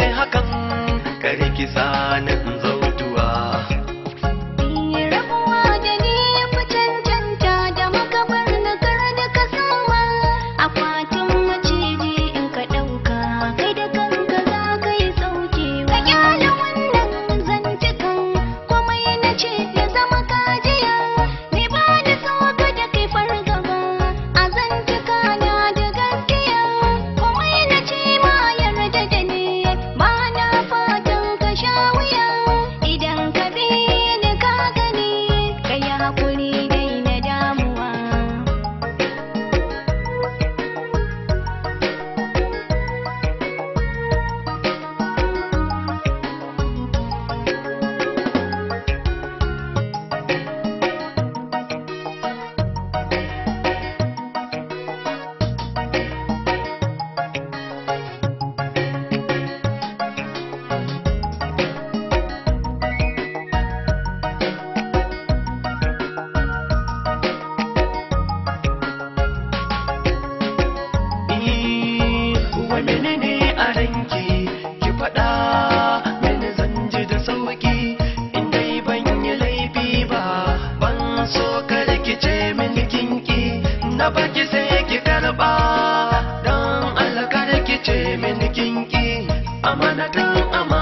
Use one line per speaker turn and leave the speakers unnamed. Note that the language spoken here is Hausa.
ce hakan kare sa na faɗa mene zan ji da sauki indai ban yi laifi ba ban so ka rikice min kinki na baki sai ki karɓa don Allah ka rikice min kinki amana don amana